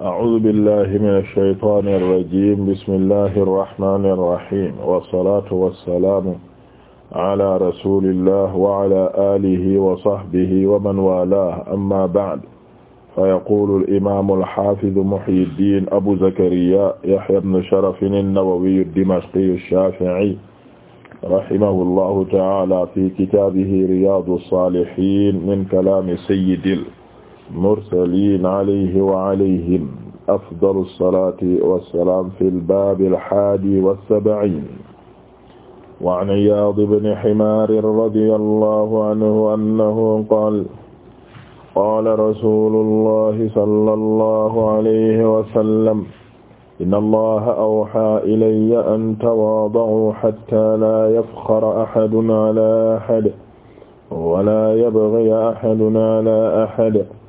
أعوذ بالله من الشيطان الرجيم بسم الله الرحمن الرحيم والصلاة والسلام على رسول الله وعلى آله وصحبه ومن والاه أما بعد فيقول الإمام الحافظ محي الدين أبو زكريا يحيى بن شرف النووي الدمشقي الشافعي رحمه الله تعالى في كتابه رياض الصالحين من كلام سيد mursaliin alayhi wa alayhim afdalu salaati wa salaam fil baabil haadi wa sab'iin wa an Iyaad ibn Himaar radiyallaahu anhu annahu qaala qaala rasuulullaahi sallallaahu alayhi wa sallam inna Allaaha awhaa ilayya an tawaada'uu hattaa laa yafkhara ahadun alaa ahadin wa laa yabghiya ahadun alaa ahadin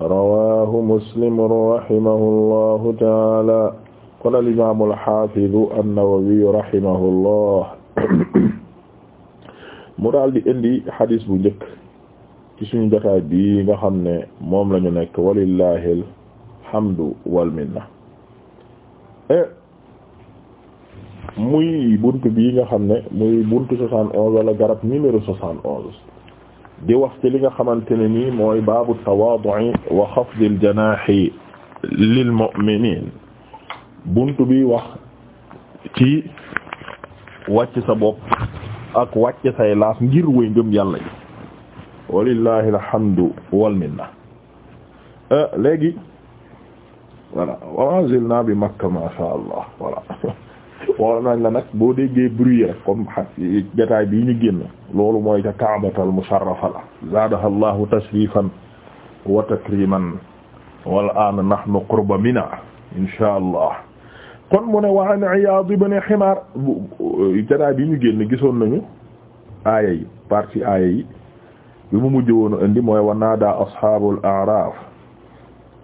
rawahu muslim rahimahullahu taala kon al imam al hafiz an-Nawawi rahimahullah di indi hadis bu njëkk ci suñu jotaay bii nga xam ne moom lañu nekk walillahi alhamdu wal muy bunt bii nga xam ne muy buntu soixante onze wala garab numéro soixante onze di wax ci li nga xamante ne nii mooy baabu tawaadu wa xafdi aljanaahi lil mu'miniin buntu bi wax ci wàcc sa bopp ak wàcc say laaf ngir wéy ngëm yàlla yi walillahi alhamdu wal minna euh, léegi voilà wa ma zilna bi makka ma sha allah voilà woo a la nag boo déggee bruit rek comme xa bii ñu génn loolu mooy ca kaabatal musharrafa la zaadaha allahu tashrifan wa takriman wal an nahnu qurba mina insha allah kon mu ne wa an Iyaad ibn Himaar jataay bii ñu génn gisoon nañu aaya yi partie aaya yi bi mu mujj woon indi mooy wa naada ashaabul a'raaf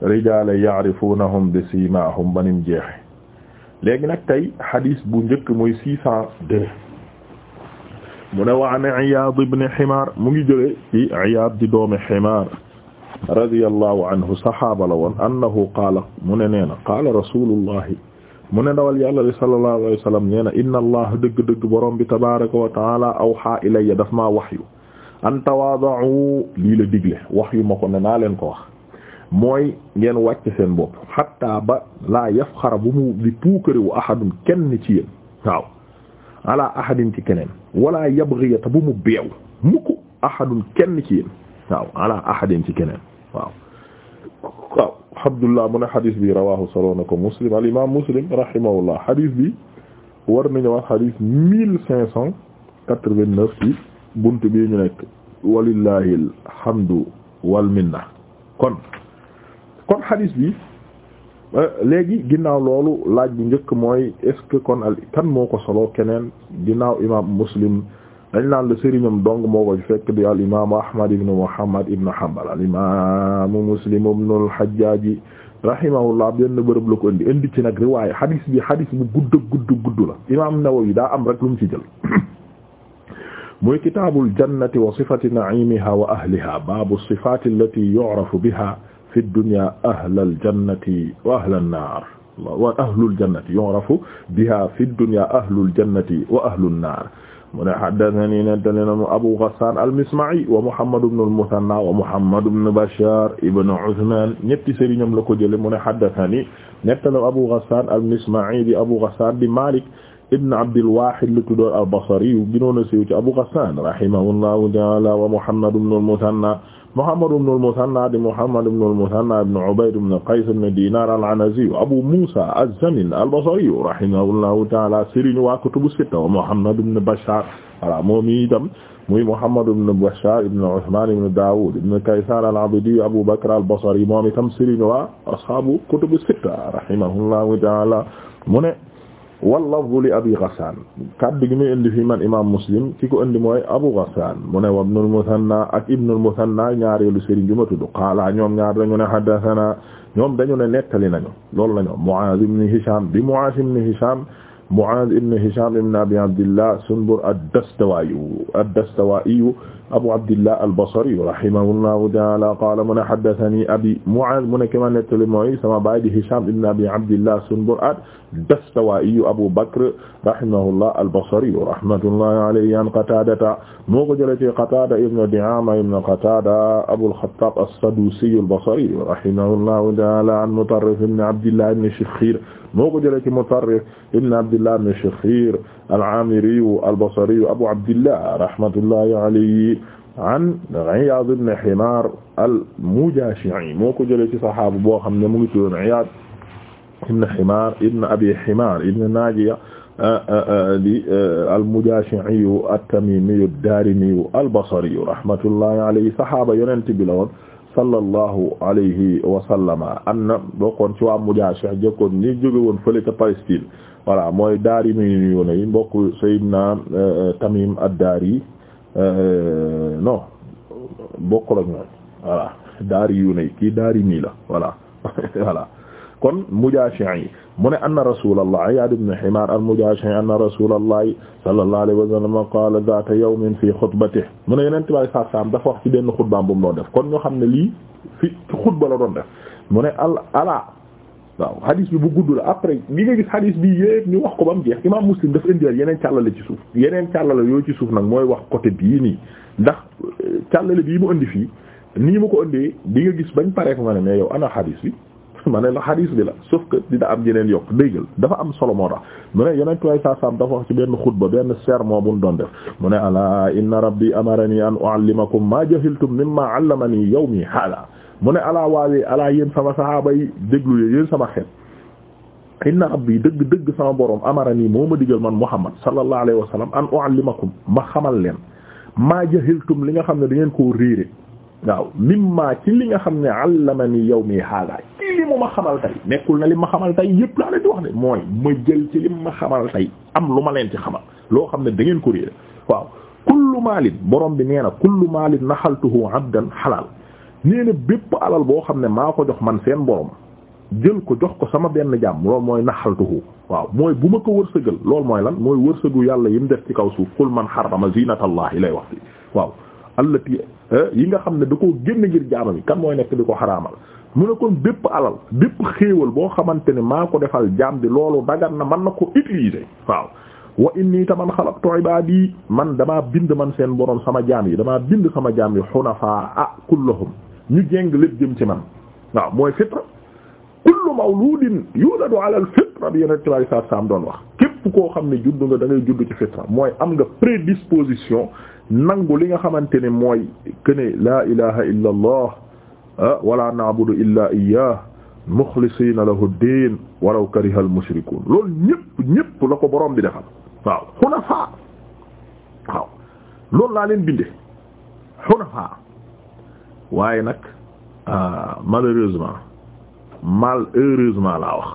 rijaala ya'rifuunahum bi siimaahum banim jeexe léegi nag tey xadis bu njëkk muy six cent deux mu ne wa an Iyaad ibn Himaar mu ngi jëlee ci Iyaad di doomi Himaar radiyallahu anhu saxaaba la woon annahu qaala mu ne nee na qaala rasulullahi mu ne ndawal yàlla li sallallahu alayhi wa sallam nee na inna allah dëgg-dëgg borom bi tabaraka wa taala awxaa ilayya daf maa wax yu an tawaada'u lii la digle wax yu ma ko ne naa leen ko wax mooy ngeen wàcc seen bopp xatta ba laa yaf xara bu mu di puukarewu ahadum kenn ci yéen waaw ala ci keneen wala yabghiya te bu mu beew mukk kenn ci yéen waaw ala ci keneen waaw waaw Abdullah mu ne xadis bi rawahu soloo na ko Muslim al imam Muslim rahimahullah xadis bi war nañu wax xadis mille cinq cent quatre vingt ci bunt kon hadis bi léegi ginnaaw loolu laaj bu njëkk mooy est-ce que kon al kan moo ko solo keneen ginnaaw imam muslim dañ naan la sëriñam dong moo ko fekk di al imaamu ahmad ibn muhammad ibn hanbal al imaamu muslim ibn al hajjaj rahimahullah benn bërëb la ko indi indi ci nag riwaaya hadis bi hadis bu gudd gudd gudd la imam nawawi daa am rek lu mu ci jël muy kitaabul jannati wa sifati naimiha wa ahliha baabu sifaati allati yu'rafu biha fi dunya ahlal jannati wa ahlan naar wa ahlul jannati yu'rafu biha fi dunya ahlul jannati wa ahlun naar mu ne haddathanii nettali nañu Abu Ghassan al-Misma'i wa Muhammad ibn al-Muthanna wa Muhammad ibn Bashar ibn Uthman ñetti sëriñam la ko jëlee mu ne haddathanii nettali Abu Ghassan al-Misma'i di Abu Ghassan di Malik ibn Abdil Wahid lu tuddoon al-Basri gënoon a siiw ci Abu Ghassan rahimahullahu ta'ala wa Muhammad ibn al-Muthanna Muhammad ibn al-Musanna di Muhammad ibn al-Musanna ibn Ubayd ibn Qays ibn Dinar al-Anazi Abu Musa az-Zamin al-Basri rahimahullahu ta'ala sëriñ waa kutubu sitta wa Muhammad ibn Bashar voilà moom itam muy Muhammad ibn Bashar ibn Uthman ibn Dawud ibn Kaysan al-Abdi Abu Bakr al-Basri moom itam sëriñ waa ashabu kutubu sitta rahimahullahu ta'ala mu ne wallafdu li abi ghassan kaddu gi muy indi man imam muslim ki ko indi mooy abu ghassan mu ne wa ibnul muthanna ak ibnul muthanna ñaareelu sëriñ ju ma tudd qaala ñoom ñaar dañu ne haddathana ñoom dañu ne nettali nañu loolu lañu muaz ibn hisham bi muaz ibn hisham Mu'aaz ibn Hishaam ibn Abi Abdillah Sunbur ad-Dastawaayu ad-Dastawaayu Abu Abdillah al-Basri rahimahullahu ta'aala qaala mu ne haddathanii abii Mu'aaz mu ne ki ma nettali mooy sama baay di Hishaam ibn Abi Abdillah Sunbur ad-Dastawaayu Abu Bakr rahimahullah al-Basri rahmatullahi alayhi an Qataadata moo ko jëlee ci Qataada ibn Di'aama ibn Qataada Abul Khattaab as-Saduusi al-Basri rahimahullahu ta'aala an Mutarrif ibn Abdillah ibn Shikhiir moo ko jëlee ci Mutarrif ibn Abdillah ibn Shikhkhir al-Amiri al-Basri Abu Abdillah rahmatullahi alayhi an Iyaad ibn Himaar al-Mujaashi'i moo ko jëlee ci saxaabu boo xam ne mu ngi tuddoon Iyaad ibn Himaar ibn Abi Himaar ibn Naajiya di al-Mujaashi'i at-Tamiimi ad-Daarimi al-Basri rahmatullahi alayhi saxaaba yonent bi la woon sallallahu alayhi wa sallama am na bokkoon ci waa Mujaashih jëkkoon ñi jóge woon fële ca Palestine voilà mooy daari mi yoona yi mbokk Seydina euh, euh, Tamim ad-Dari euh, non bokk la ñooy voilà daari yu ne kii daari nii la voilà voilà kon Mujaashi'i mu ne anna rasulallah Iyaad ibn Himaar al-Mujaashi'i anna rasulallah sallallahu alayhi wa sallam qaala zaata yawmin fi xutbatihi mu ne Yonent bi saa saam dafa wax ci benn xutbaam bu mu doon def kon ñoo xam ne lii fi xutba la doon def mu ne al ala waaw hadis bi bu gudd la après li nga gis hadis bi yépp ñu wax ko ba mu jeex Imaam Muslim dafa indiwaat yeneen càllale ci suuf yeneen càllale yooyu ci suuf nag mooy wax côté bii nii ndax euh, càllale bii mu indi fii nii mu ko indee bi nga gis bañ paree ko ma ne mais yow ana hadis ma ne la bi la que dina am yeneen yokk déggal dafa am solo moo tax mu ne yeneen tuwaay saa saam dafa wax ci benn xutba benn sermon bu ñu doon def mu ne alaa inna rabbi amarani an u'allimakum ma jahiltum mimma 'allamani yawmi haada mu ne alaa waawee alaa yéen sama saxaaba yi déglu yéen sama xeet inna rabbi dëgg dëgg sama borom amarani moo ma digal man Muhammad sallallahu alayhi wa sallam an u'allimakum ma xamal leen maa jahiltum li nga xam ne da ngeen koo réere waaw mimma ci li nga xam ne allamani yawmi hada ci li mu ma xamal tey nekkul na li ma xamal tey yëpp laa la di wax de mooy ma jël ci li ma xamal tey am lu ma leen ci xamal loo xam ne da ngeen ko réer waaw kullu maalin borom bi nee na kullu maalin naxaltuhu abdan xalaal nee na bépp alal boo xam ne maa ko jox man seen borom jël ko jox ko sama benn jàmm loolu mooy naxaltuhu waaw mooy bu ma ko wërsëgal loolu mooy lan mooy wërsëgu yàlla yim def ci kaw suuf qul man xarama zinatallahi lay wax fi waaw allati Eh, yi nga xam ne da koo génn ngir jaama yi kan mooy nekk di ko xaraamal mu ne kon bépp alal bépp xéewal boo xamante ne maa ko defal jaam bi loolu dagan na man na ko utiliser waaw wa inni taman baa ibadi man damaa bind man seen borom sama jaam yi damaa bind sama jaam yi xunafaa ah kulluhum ñu jéng lépp jëm ci man waaw mooy fitra kullu mawludin yuladu ala al fitra bi yonent bi saa saam doon wax képp koo xam ne judd nga da ngay mooy am nga prédisposition nangu li nga xamante ne mooy kene laa ilaha illa allah ah, wala na'budu illa iyyah muxlisiina lahu diin walaw kariha al mushrikuun loolu ñëpp ñëpp la ko borom bi defal waaw xunafaa waaw loolu laa leen binde xunafaa waaye nag ah, malheureusement malheureusement laa wax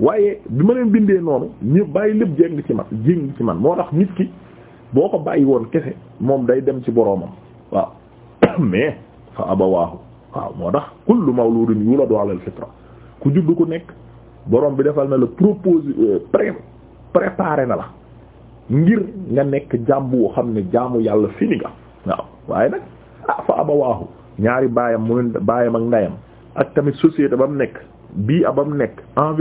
waaye bi ma leen bindee noonu ñu bàyyi lépp jéng ci man jéng ci man moo tax nit ki boo ko bàyyi woon kese moom day dem ci boroomam waaw mais fa abawaahu waaw moo tax kullu mawludin yuladu ala al-fitra ku juddu ku nekk borom bi defal na la proposé euh, pré préparé na la ngir nga nekk jàmb woo xam ne jaamu yàlla fini nga waaw waaye nag ah fa abawaahu ñaari baayam mu baayam ak ndayam ak tamit société ba mu nekk bii a ba abam nekk ba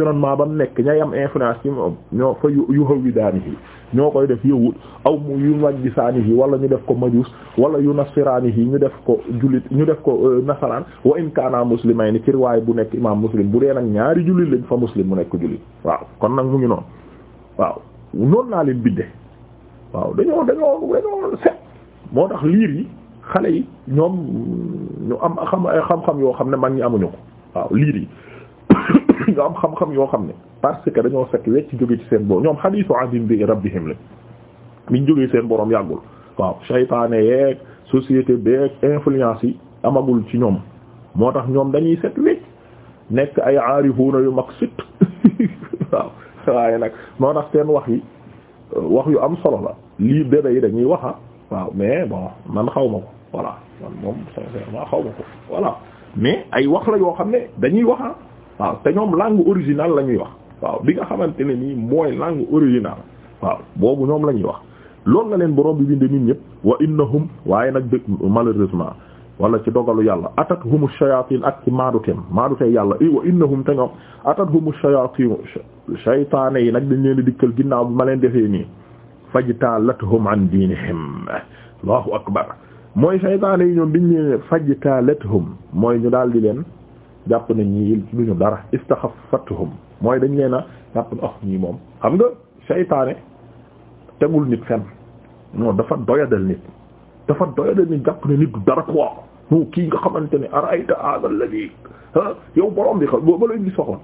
mu nekk ñay am influence ci moom ñoo fa yu xaw wi daani yi ñoo koy def yëwut aw mu yu maj gisaani yi wala ñu def ko majus wala yu nasiraani yi ñu def ko jullit ñu def ko euh, nasaraan wa in kaana ni ci riwaay bu nekk imam muslim bu dee nag ñaari jullit lañ fa muslim mu nekk jullit waaw kon nag mu ngi noonu waaw noonu naa leen bidde waaw dañoo dañoo set moo tax liir yi xale yi ñoom ñu am xam xam-xam yoo xam ne mag ñi amuñu ko waaw yi ñu am xam-xam yoo xam ne parce que dañoo set wecc jóge ci seen borom ñoom hadiisu azim bi rabbihim la biñ jógee seen borom yàggul waaw saytaane yeeg société beeg influence yi amagul ci ñoom moo tax ñoom dañuy set wecc nekk ay aarifuuna yu mag sit waaw waaye nag moo tax seen wax yi wax yu am solo la lii bébé yi dañuy wax a waaw mais bon man xaw ma ko voilà man moom sincèrement xaw ma ko voilà mais ay wax la yoo xam ne dañuy waxa waaw te ñoom langue originale la ñuy wax waaw bi nga xamante ne nii mooy langue originale waaw boobu ñoom la ñuy wax loolu la leen borom bi binde nit ñëpp wa waaye nag dëgg malheureusement wala ci dogalu yàlla atat humu shayatin ak ci maaduteem maadutee yàlla i wa innahum te ñoom atat humu shayatin shaytaane yi nag dañ leen di dikkal ginnaaw bi ma leen defee nii fajtalathum an diinihim allahu akbar mooy shaytaane yi ñoom biñ leen fajtalathum mooy ñu daal di leen jàpp nañ ñii duñu dara istaxaffatuhum mooy dañ leen a jàpp na ah oh, ñii moom xam nga seytaane tegul nit fenn moo dafa doyadal nit dafa doyadal nit jàpp ne nit du dara quoi mu kii nga xamante ne arayta hada alladhi yow borom bi xam ba lay gis waxoon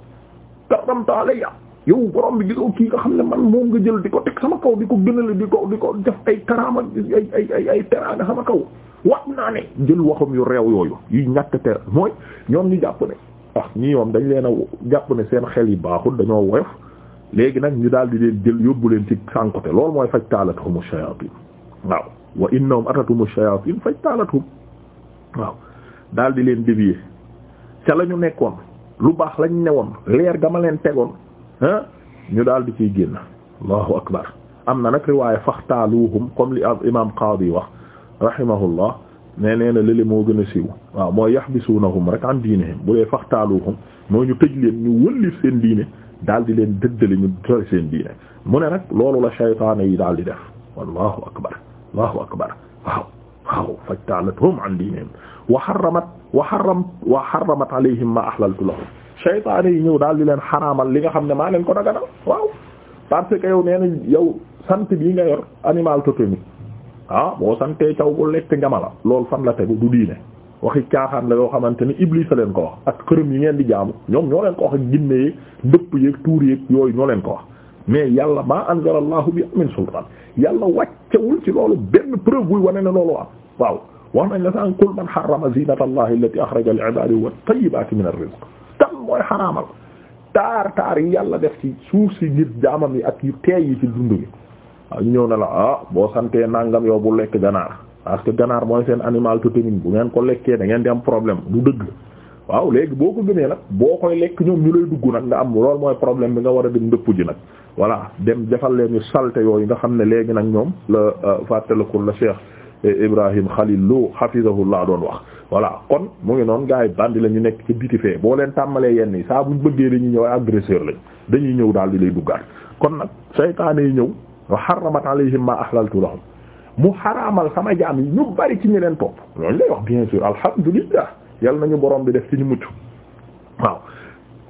karamta alayya yow borom bi gisoo kii nga xam ne man moom nga jël di ko teg sama kaw di ko gënale di ko di ko def ay karaama ay ay ay ay teraanga sama kaw wat naa ne jël waxam yu réew yooyu yu ñàkk te mooy ñoom ñu jàpp ne ah ñii yoom dañ leen a jàpp ne seen xel yi baaxul dañoo woyof léegi nag ñu daal di leen jël yóbbu leen ci sànkote loolu mooy faj taalatuhum shayatin waaw wa innahum atatuhum shayatin faj taalatuhum waaw daal di leen dévier ca la ñu nekkoon lu baax lañ newoon leer ga ma leen tegoon ah ñu daal di ciy génn allahu akbar am na nag riwaaya faxtaaluhum comme li imam qaadi wax rahimahullah ne nee na lële moo gën a siiw waaw mooy yahbisunahum rek an diinihim bu dee faxtaaluhum moo ñu tëj leen ñu wëllif seen diine daal di leen dëddale ñu doy seen diine mu ne nag loolu la shaytaan yi daal di def wallahu akbar allahu akbar waaw waaw faxtaalathum an diinihim wa harramat wa harram wa harramat alayhim ma ahlaltu lahum shaytaan yi ñëw daal di leen xaraamal li nga xam ne maa leen ko daganal waaw parce que yow nee na yow sant bii nga yor animal totémique ah boo santee caw bu lekk njama la loolu fan la tegu du diine waxi caaxaan la yoo xamante ni Iblis leen ko wax ak xërëm yi ngeen di jaamu ñoom ñoo leen ko wax ak ginne yeeg dëpp yeeg tuur yeeg yooyu ñoo leen ko wax mais yàlla maa anzalallahu bi min sultan yàlla wàccewul ci loolu benn preuve buy wane ne loolu am waaw wax nañ la saan kul man harrama zinata allahi allati akhraja wa tayyibati min ar-rizq tam mooy xaraamal taar taar yàlla def ci suuf si ngir jaamam yi ak yu teey yi ci dund gi ñu ñëw na la ah boo santee nangam yow bu lekk ganaar parce que ganaar mooy seen animal totémique bu ngeen ko lekkee da ngeen di am problème bu dëgg waaw léegi boo ko gënee nag boo koy lekk ñoom ñu lay dugg nag nga am lool mooy problème bi nga war a dem ndëpp ji nag voilà dem jafal leen ñu salte yooyu nga xam ne léegi nag ñoom la euh, fàttalikul la Cheikh eh, Ibrahim Khalil Lo laa doon wax voilà kon mu ngi noonu gars yi bandi la ñu nekk ci biti fee boo leen tàmmalee yenn yi saa buñ bëggee dañuy ñëw agresseur lañ dañuy ñëw daal di lay duggaat kon nag saytaane yi ñëw wa harramat alayhim ma ahlaltu lahum mu xaraamal sama jaam yi ñu bari ci ñu leen topp loolu lay wax bien sûr alhamdulillah yal nañu borom bi def ci ñu mucc waaw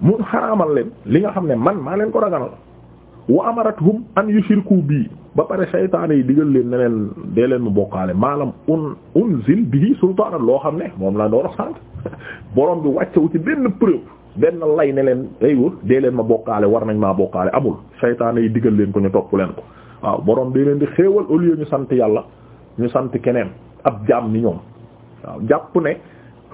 mu xaraamal leen li nga xam ne man maa leen ko raganal wa amarathum an yushriku bi ba pare saytaane yi digal leen ne leen dee leen mu bokkaale maalam un unzil bihi sultaana loo xam ne moom laa doon sant borom bi wàccewu ci benn preuve benn lay ne leen aywa dee leen ma bokkaale war nañ maa bokkaale amul saytaane yi digal ko ñu topp leen ko waaw boroom day leen di xéewal au lieu ñu sant yàlla ñu sant keneen ab jaam ni ñoom waaw jàpp ne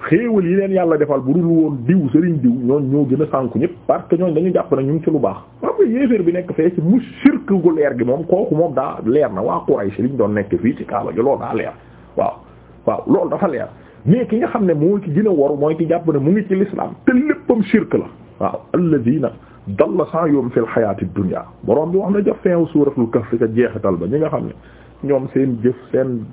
xéewal yi leen yàlla defal bu dul woon diw sëriñ diw ñooñ ñoo gën a sànku ñëpp parce que ñooñ dañu jàpp ne ñu ngi ci lu baax parce bi nekk gu leer gi moom kooku moom daa leer na waa Quraysh liñ doon nekk fii ci Kaaba gi loolu daa leer waaw waaw loolu dafa leer mais ki nga xam ne moo ci gën a mooy ki jàpp ne mu ngi ci l'islam te léppam sirk la waaw na dalla sa'yuhum fil hayati dunya boroom bi wax na jëf feewu suuratul kahf ca jeexital ba ñi nga xam ne ñoom seen jëf seen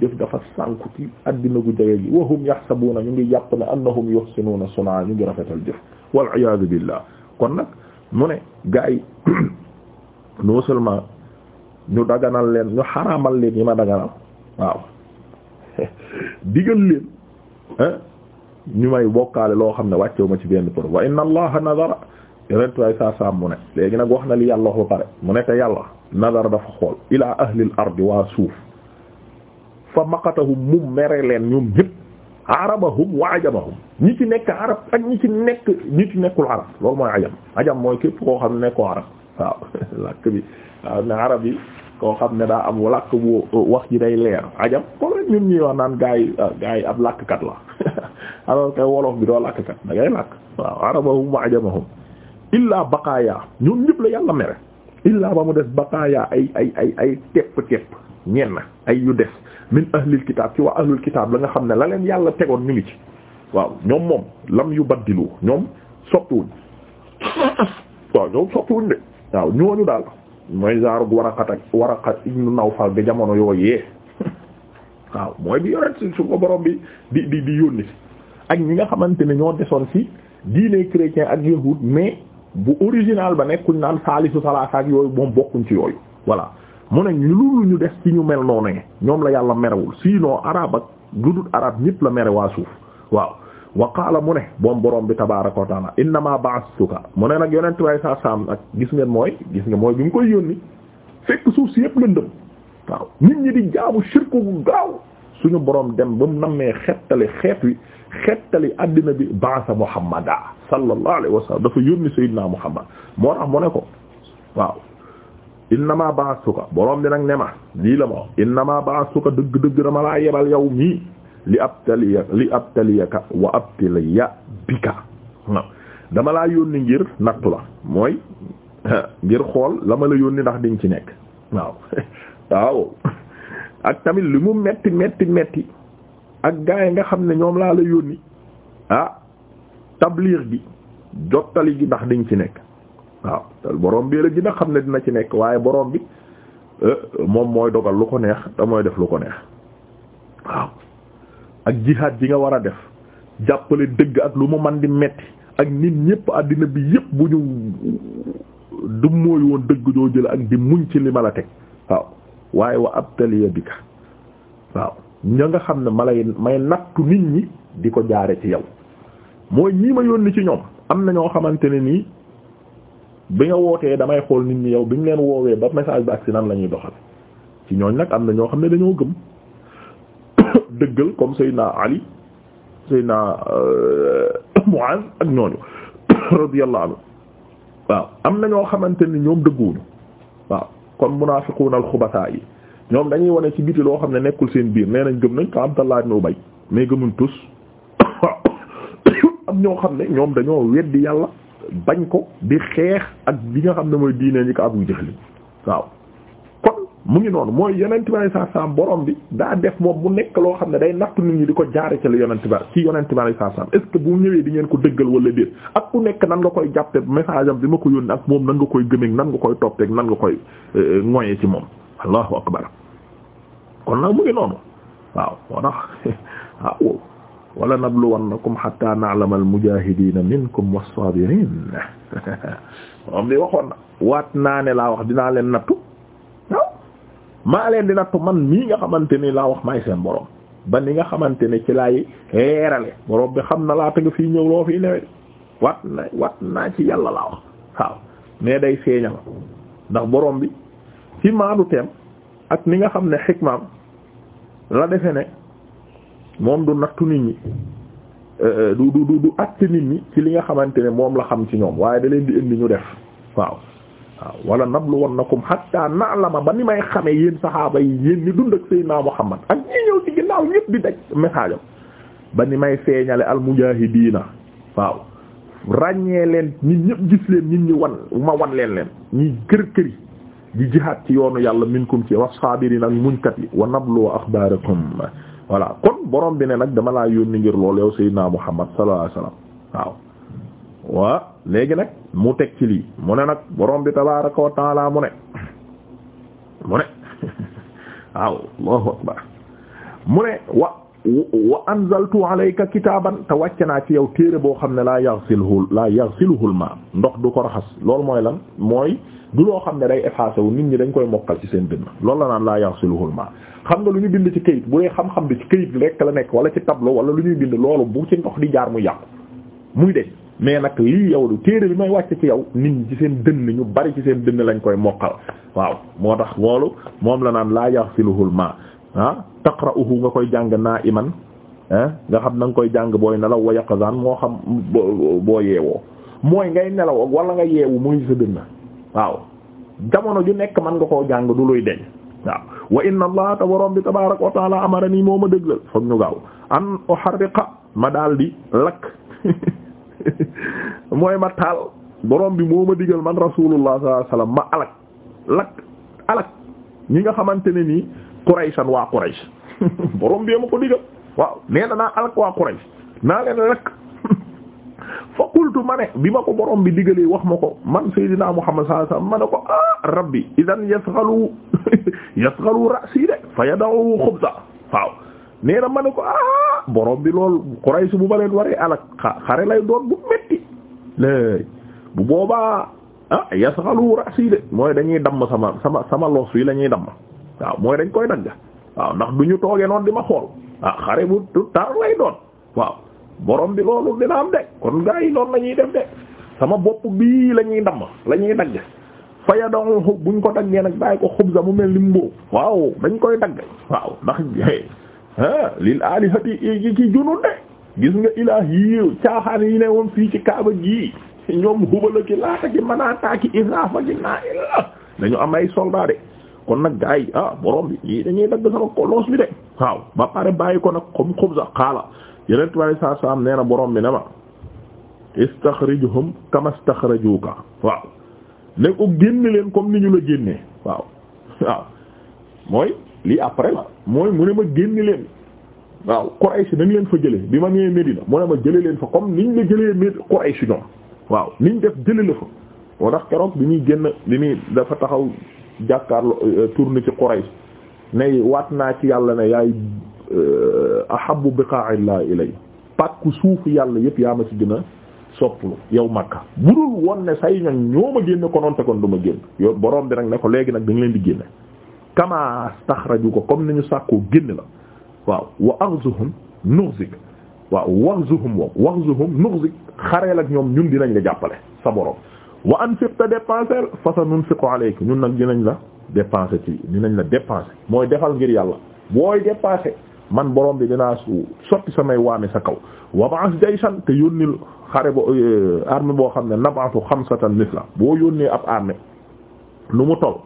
jëf dafa sànku ci addina gu jege gi wa hum yahsabuuna ñu ngi yàpp ne annahum yuhsinuuna sun'a ñu ngi rafetal jëf wal iyaadu billah kon nag mu ne gaa yi non seulement ñu daganal leen ñu xaraamal leen yi ma daganal waaw digal leen ah, ñu may bokkaale loo xam ne wàccewu ci benn pour wa inna allaha nadara yonent way saa saam ne léegi nag wax na li yàlla wax ba pare mu ne te yàlla nadara dafa xool ilaa ahlil ardi waa suuf fa maqatahum mu mere leen ñoom ñëpp arabahum wa ajamahum ñi ci nekk arab ak ñi ci nekk ñi ci nekkul arab loolu mooy ajam ajam mooy képp koo xam ne nekkoo arab waaw làkk bi waaw ne arab yi koo xam ne daa am làkk bu wax ji day leer ajam comme rek ñun ñuy wax naan gaa yi ah, gaa yi ab làkkkat la alors que wolof bi doo làkkkat da ngay làkk waaw arabahum wa ajamahum illaa baqaaya ñoom ñëpp la yàlla mere illaa ba mu des baqaaya ay ay ay ay tepp-tepp ñenn ay yu des min ahlil kitaab ci waa ahlul kitaab la nga xam ne la leen yàlla tegoon ñu ngi ci waaw ñoom moom lam yu baddilu ñoom soppiwuñ waaw ñoom soppiwuñ de waaw ñooñu daal mooy jaarug Waraqat ak Waraqa ibnu Nawfal bi jamono yooyee waaw mooy bi yoret si su ko borom bi di di di yónni ak ñi nga xamante ne ñoo desoon ci diine chrétien ak yahud mais bu original ba nekkuñ naan saalisu salaasaak yooyu moom bokkuñ ci yooyu voilà mu ne lu ñu des ci ñu mel noonu ñoom la yàlla merewul sinon arab ak ludul arab ñëpp la mere waa suuf waaw wa mu ne boom borom bi tabaaraka wa taala innama ba'astuka mu ne nag yonent way sa saam ak gis ngeen mooy gis nga mooy bi mu koy yónni fekk suuf si yëpp lëndëm waaw nit ñi di jaamu shirku gu gaaw suñu boroom dem ba mu nammee xettali xeet wi xettali addina bi baasa muhammada sallallahu alayhi wa sallam dafa yónni sayyidina muhammad moo tax mu ne ko waaw innama ba'astuka borom bi nag ne ma lii la ma wax innama ba'astuka dëgg-dëgg dama laa yebal yow mii li abtaliya li abtaliyaka wa abtaliya bika dama laa yónni ngir nattu la mooy ngir xool la ma la yónni ndax diñ ci nekk waaw waaw ak tamit li mu metti metti metti ak gaa yi nga xam ne ñoom laa la yónni ah tabliir bi jottali gi ndax diñ ci nekk waaw te borom bi la gi ndax xam ne dina ci nekk waaye boroom bi eh, moom mooy dogal lu ko neex damooy def lu ko neex waaw ak jihaad ji nga war a def jàppale dëgg ak lu ma man di metti ak nit ñépp àddina bi yépp bu ñu du mooy woon dëgg joo jël ak di muñ ci limala teg waaw waaye wa abtaliya bika waaw ña nga xam ne ma lay may nattu nit ñi di ko jaare ci yow mooy ñii ma yónni ci ñoom am na ñoo xamante ne nii bi nga wootee damay xool nit ñi yow bi ñu leen woowee ba message bi ak si nan la ñuy doxal ci ñooñ nag am na ñoo xam ne dañoo gëm dëggal comme Seydina Ali Seydina euh, Muaz ak ñooñu radiyallahu anhu waaw am na ñoo xamante ni ñoom dëgguwuñu waaw kon munaafiquuna alxubataa yi ñoom dañuy wane ci biti loo xam ne nekkul seen biir nee nañ gëm nañ ko Abdallah ibn Ubay mais gëmuñ tus am ñoo xam ne ñoom dañoo weddi yàlla bañ ko di xeex ak bi nga xam ne mooy diine ñi ko Abu Jahl waaw kon mu ngi noonu mooy yonent bi saa saa borom bi daa def moom mu nekk loo xam ne day natt nit ñi di ko jaare ci la yonent bi ci yonent bi saa saa est-ce que bu ñëwee di ngeen ko dëggal wala déet ak ku nekk nan nga koy jàppe message am bi ma ko yónnee ak moom nan nga koy gëmeeg nan nga koy toppeeg nan nga koy ŋoyee euh, euh, ci moom allahu akbar kon nag mu ngi noonu waaw moo tax ah, waaw wala nabluwannakum hatta na'lama almujahidina minkum was-sabirin moom di waxoon na waat naa ne laa wax dinaa leen nattu waaw maa leen di nattu man mii nga xamante ni laa wax maay seen borom ba ni nga xamante ne ci lay leerale borom bi xam na laata nga fii ñëw loo fii newee waat na waat naa ci yàlla laa wax waaw mais day feeñal ndax borom bi ci maadu teem ak ni nga xam ne xikmaam la defe ne moom du nattu nit ñi euh, euh, du du du ak àtt nit ñi ci li nga xamante ne moom la xam ci ñoom waaye da leen di indi ñu def waaw waaw wala nabluwannakum hatta na'lama ba ni may xamee yéen saxaaba yi yéen ñi dund ak Seydina Muhammad ak ñi ñëw ci ginnaaw ñëpp di daj message am ba ni may feeñale almujahidiina waaw ràññee leen nit ñëpp gis leen nit ñi wan ma wan leen leen ñi kër këri di jihaad ci yoonu yàlla minkum ci wax saabiriin ak muñkat yi wa nablu axbaarakum voilà kon borom bi ne nag dama laa yónni ngir lool yow sayyidina Muhammad sallallahu alayhi wasallam waaw waa léegi nag mu teg ci lii mu ne nag borom bi tabaaraka wa taala mu ne mu ne waaw allahu akbar mu ne wa wa anzaltu alayka kitaaban te wàcc naa ci yow téere boo xam ne laa yaghsiluhu laa yaghsiluhul ma ndox du ko raxas loolu mooy lan mooy du loo xam ne day effacé wu nit ñi dañ koy mokkal ci seen dënn loolu la naan laa yaghsiluhul ma xam nga lu ñu bind ci kayit bu dee xam-xam di ci kayit rek la nekk wala ci tableau wala lu ñuy bind loolu bu ci ndox di jaar mu yàqu muy deñ mais nag lii yow du téere bi may wàcc ci yow nit ñi ci seen dënn ñu bari ci seen dënn lañ koy mokkal waaw moo tax loolu moom la naan laa yaghsiluhul ma ah taqra'uhu nga koy jàng naa'iman nga xam na nga koy jàng booy nelaw wa yaqzan moo xam boo yeewoo mooy ngay nelaw walla nga yeewu muy sa dënn waaw jamono ju nekk man nga koo jàng du luy deñ waaw wa inna allah ta borom bi tabaaraka wa taala amara nii moo ma dëggal foog ñu gaaw an uharriqa ma daal di lakk mooy ma taal borom bi moo ma digal man rasulullah sallallahu alayhi wasallam ma alak lakk alak nga xamante ne nii qurayshan waa quraysh borom bi ma ko digal waaw nee na naa alak waa Quraysh naa leen rek fa qultu ma bi ma ko borom bi digalee wax ma ko man Seydina mu sallallahu alayhi wasallam ma ne ko ah rabbi idan yasghalu yasghalu ra'si de fa yad'u xubsa waaw nee na ma ne ko ah borom bi loolu Quraysh bu ba leen waree alak xare lay doon bu metti léegi bu boobaa ah yasghalu ra'si de mooy dañuy damm sama sama sama los yi la ñuy damm waaw mooy dañ koy dagg waaw ndax du ñu toogee noonu di ma xool ah xare bu tar lay doon waaw borom bi loolu dina am de kon gaa yi noonu la def de sama bopp bii lañuy ñuy damm la ñuy dagg faya doon xub buñ ko daggee nag bàyyi ko xubza mu mel ni mbóo waaw dañ koy dagg waaw ndax eh, ah lil i ci ci junul de gis nga ilaah yi caaxaan yi ne woon fii ci kaaba gii ñoom xubala ki laata ki manaata ki isaafa ki naa dañu am ay soldat de kon nag gars yi ah borom bi ñii dañuy dagg sama koloos bi de waaw ba pare bàyyi ko nag xom xom sax xaala yeneen tubaab saa saa am nee na borom bi ne ma istaxrijuhum kama istaxrajuka waaw ne ko génne leen comme ni ñu la génnee waaw mooy lii après mooy mu ma génne leen waaw Quraysh dañ leen fa jëlee bi ma ñëwee Medina mu ne ma jëlee leen fa comme niñ la jëlee Medina Quraysh ñoom waaw ñu def jëlee la fa. moo tax keroog bi muy génn bi muy dafa taxaw jàkkaarloo euh, tourne ci Quraysh ne waat naa ci yàlla ne yaay euh, ahabbu biqa'illah ilay pàkku suufu yàlla yëpp yaa ma ci gën a sopplu yow Makka budul woon ne say ñoñ ñoo ma génne konoon te kon du ma génn yow borom bi nag ne ko léegi nag dañ leen di génne kama staxraju ko comme ni ñu sàkkoo génn la waaw wa aghzuhum nughzik waaw waghzuhum wa waghzuhum nughzik xareel ak ñoom ñun dinañ la jàppale sa borom wa anfiq te dépenser fa sanunfiqu alayk ñun nag dinañ la dépenser ci dinañ la dépenser mooy defal ngir yàlla booy dépenser man borom bi dinaa su sotti samay waame sa kaw wab'as jaysan te yónnil xare bo euh, armée boo xam ne sa nab'atu xamsatan la boo yónnee ab armée nu mu toll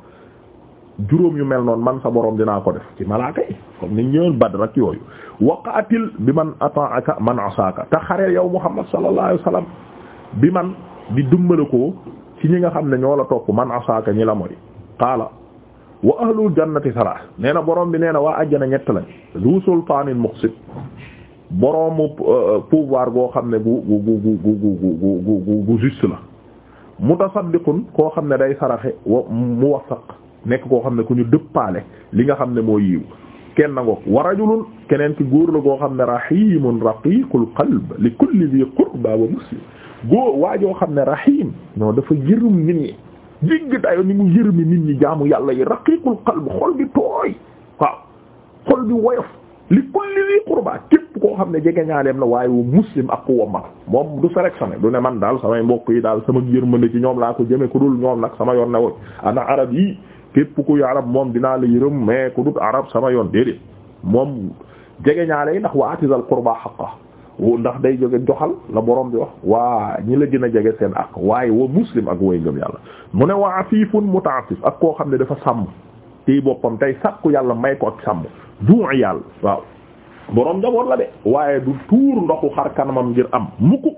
juróom yu mel noon man sa borom dinaa ko def ci malaaka yi comme ni ñëwoon Badr ak yooyu waqaatil bi man ata'aka man asaka te xare yow Muhammad sallallahu alayhi wasallam bi di dumbalakoo ci ñi nga xam ne ñoo la topp man asaaka ñi la mooy qaala wa ahlul jannati salaas nee borom bi nee na waa ajjana ñett lañ du sultaanin muqsit boroomu pouvoir goo xam ne gu gu gu gu gu gu la mutasaddiqun koo xam ne day saraxe mu wasaq nekk koo xam ne ku ñu dëppaale li nga xam ne moo yiw kenn nangook wa rajulun keneen ki góor la goo xam ne rahimun raqiqul qalb li kulli dhi qurba wa muslim góor waajoo xam ne rahim non dafa yërëm nit ñi jégg dayo ni mu yërëmi nit ñi jaamu yàlla yi raqiqul qalb xol bi tooy xol bi woyof li kulli li qurba képp koo xam ne jege ñaaleem la waaye wu muslim ak ku wommat moom du serek sama du ne man daal samay mbokk yi daal sama yërmande ci ñoom laa ko jëme ku dul ñoom nag sama yoon ne woon ana arab yi képp kuy arab moom dinaa la yërëm mais ku dut arab sama yoon déedéet moom jege ñaale yi ndax wa atizal qurba xaqa ndax day jóge joxal la boroom bi wax waa ñi la gën a jege seen ak waaye wa muslim ak way ngëm yàlla mu ne waa afiifun mutaafif ak koo xam ne dafa sàmm tey boppam tey sàkku yàlla may ko ak sàmm du'i yàlla waaw borom njaboot la de waaye du tuur ndoxu xar kanamam ngir am mukku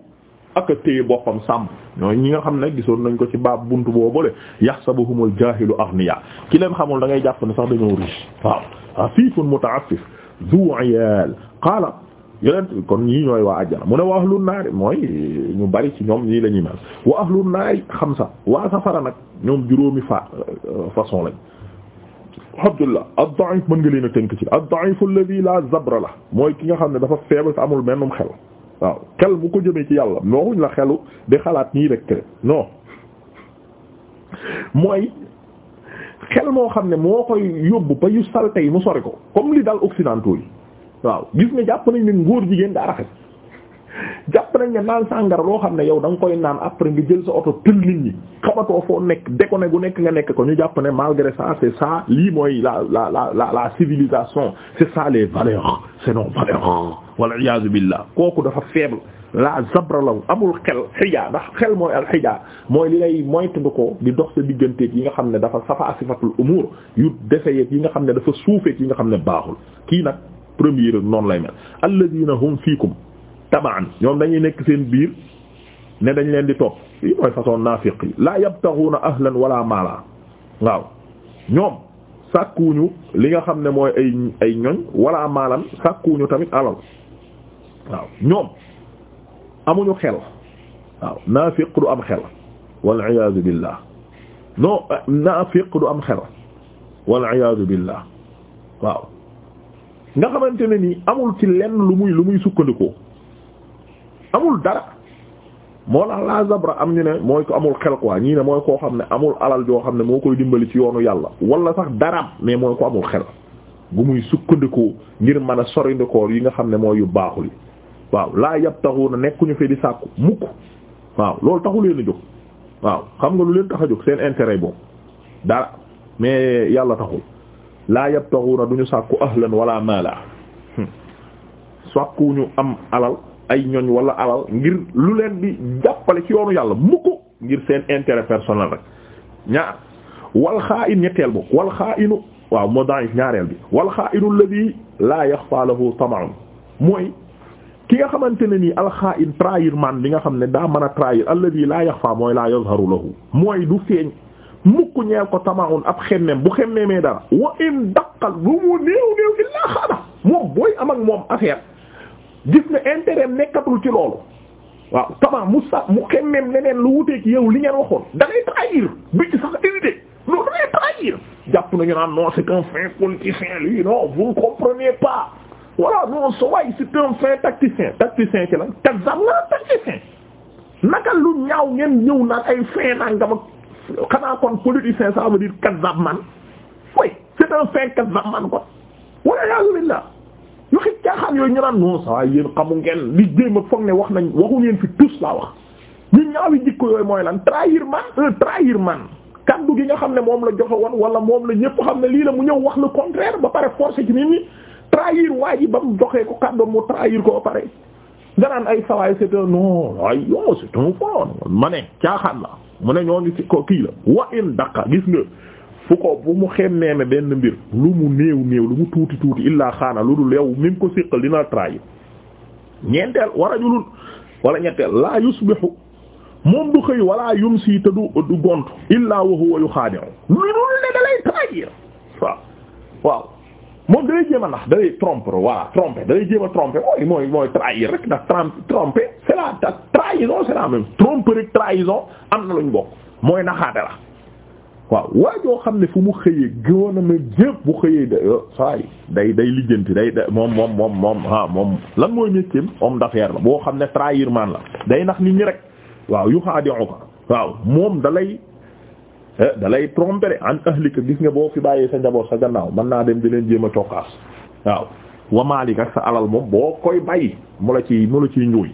ak a téye boppam sàmm ñooy ñi nga xam ne gisoon nañ ko ci baab bunt boobule yahsabuhumul jaahilu aghniya ki leen xamul da ngay jàpp ne sax dañoo riche waaw afifun muta'affif dhu 'iyal qala yeneen kon ñii ñooy waa ajjana mu ne wa ahlun naari mooy ñu bari ci ñoom ñii lañuy ñuy mel wa ahlun naari xamsa waa safara nag ñoom juróomi fa euh, façon lañ alhamdulillah ad-da'if mën nga leen a tënk ci ad-da'if alladhi la zabra la mooy ki nga xam ne dafa faible te amul mennum xel waaw xel bu ko jëmee ci yàlla nooxuñ la xelu di xalaat nii rek tere non mooy xel moo xam ne moo koy yóbbu ba yu salte yi mu sori ko comme li dal occidentaux waaw gis nga jàpp nañ ne ngóor jigéen daa rafet jàpp nañ ne naan sàngara loo xam ne yow da koy naan après nga jël sa oto tël nit ñi xamatoo foo nekk déconné gu nekk nga nekk ko ñu jàpp ne malgré ça c'est ça lii mooy la la la la la civilisation c'est ça les valeurs c'est nos valeurs wal iyaazu billah kooku dafa faible la zabra law amul xel xijaa ndax xel mooy al xijaa mooy li lay moytandu ko di dox sa digganteeg yi nga xam ne dafa safa asifatul umur yu defe yi nga xam ne dafa suufeeg yi nga xam ne baaxul kii nag première noonu lay mel alladina hum fiikum tabaan ñoom dañuy nekk seen biir ne dañ leen di toog lii mooy façon naafiq yi laa yabtaxuuna ahlan wala maala waaw ñoom sàkkuwuñu li nga xam ne mooy ay ay ñoñ wala maalan sàkkuwuñu tamit alal waaw ñoom amuñu xel waaw naafiq du am xel wal iyaadu billah non naafiq du am xel wal iyaadu billah waaw nga xamante ne nii amul ci lenn lu muy lu muy sukkandikoo amul dara moo tax la zabra am ñu ne mooy ko amul xel quoi ñii ne mooy koo xam ne amul alal joo xam ne moo koy dimbali ci yoonu yàlla wala sax daraam mais mooy ko amul xel bu muy sukkandikoo ngir mën a sorindikoor yi nga xam ne mooy yu baaxul yi waaw laa yab taxu na nekkuñu fi di sàkku mukk waaw loolu taxu leen a jóg waaw xam nga lu leen tax a jóg seen intérêt boobu dara mais yàlla taxul laa yabtaxuuna duñu sàkku ahlan wala maala hmm. sàkkuñu am alal ay ñoñ wala alal ngir lu leen di jàppale ci yoonu yàlla mukk ngir seen intérêt personnel rek ñaar wal xaa ñetteel boobu wal xaa-inu waaw moo daif ñaareel bi wal xaa-inu alladhi laa yaxfaa lahu tama'un mooy ki nga xamante ne nii alxaa-in trahir man bi nga xam ne daa mën a trahir alladhi laa yaxfaa mooy laa yazharu lahu mooy du feeñ mukk ñeel ko tamaawun ab xemmeem bu xemmeemee dara wa in daqal lu mu néew néew illaa xaaba moom booy am ak moom affaire gis na intérêt nekkatul ci loolu waaw tamaa mu sa mu xemmeem leneen lu wuteek yow li ngeen waxoon da trahir bi ci sax éviter non da ngay trahir jàpp nañu naan non c'est un fin politicien lui non vous comprenez pas voilà non so waay c'est un fin tacticien tacticien ci lan kat tacticien naka lu ñaaw ngeen ñëw naan ay fin nangam xanaa kon politicien ça veut dire kazzab man way c'est un fait kazzab man kon wala yasubillah yu xit caaxaan yooyu ñu naan non ça yéen xamu ngeen li jéem a foog ne wax nañ waxu ngeen fi tous laa wax ñu ñaawi jikko yooyu mooy lan trahir man un euh, man kaddu gi nga xam ne moom la joxe woon wala moom la ñëpp xam ne lii la mu ñëw wax le contraire ba pare forcé ci nit ñi trahir waa ji ba mu joxee ko kaddu mu trahir ko ba pare nga naan ay sawaay c'est un non ay yo c'est un fon ma ne caaxaan la mu ne ñooñu ci ko kii la wa in daqa gis nga fu ko bu mu xemmeeme benn mbir lu mu néew néew lu mu tuuti tuuti illaa xaana lu dul yow mi ngi ko siqal dina trahir ñeenteel wa rajulun wala ñetteel laa yusbihu moom du xëy wala yumsi te du gont illaa wa huwa yuxaadi'u lu dul ne da lay waaw moom dalay jéem a nax dalay tromper voilà tromper dalay jéem a tromper mooy mooy mooy trahir rek ndax tromper c'est la trahison c'est la même tromper rek trahison am na luñ bokk mooy naxaate la waaw waa xam ne fu mu xëyee gëwoon na jépp bu xëyee da oh, saa day day lijjanti day moom moom moom moom ah, moom lan mooy métier homme d'affaires la boo xam ne trahir man la day nax nit ñi rek waaw yu xaadi'uka waaw moom dalay Eh, da lay tromper an ahlika gis nga boo fi bàyyee sa njaboot sa gannaaw mën naa dem di leen jéem a cokkaas waaw wa ak sa alal moom boo koy bàyyi mu la ci mu la ci njuuy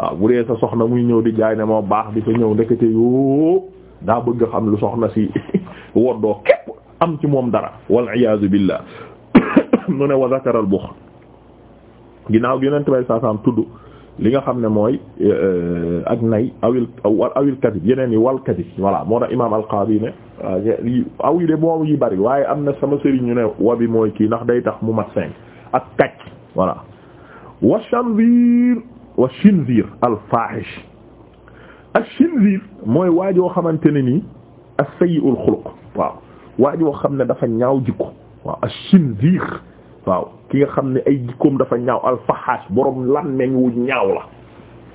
waaw bu dee sa soxna muy ñëw di jaay ne moo baax bi fa ñëw ndekete yoo daa bëgg a xam lu soxna si woddoo képp am ci moom dara wal iyaazu billah mu ne wa zakara al bukhl ginnaaw gi yonent bay saasaam tudd li nga xam ne mooy euh, euh, ak nay aw awil kadib yeneen yi wal kadib voilà moo tax imaam alqaadi ne aw yi de boobu yi bari waaye am na sama sëriñ ñu ne wabi mooy kii ndax day tax mu mat cinq ak kacc voilà wa shanzir wa shinzir al fahish ak shinzir mooy waajoo xamante ne nii ak sayyi'ul xuluq waaw waajoo xam ne dafa ñaaw jikko waaw waaw ki nga xam ne ay jikkoom dafa ñaaw alfaxaas borom làmmeñ wu ñaaw la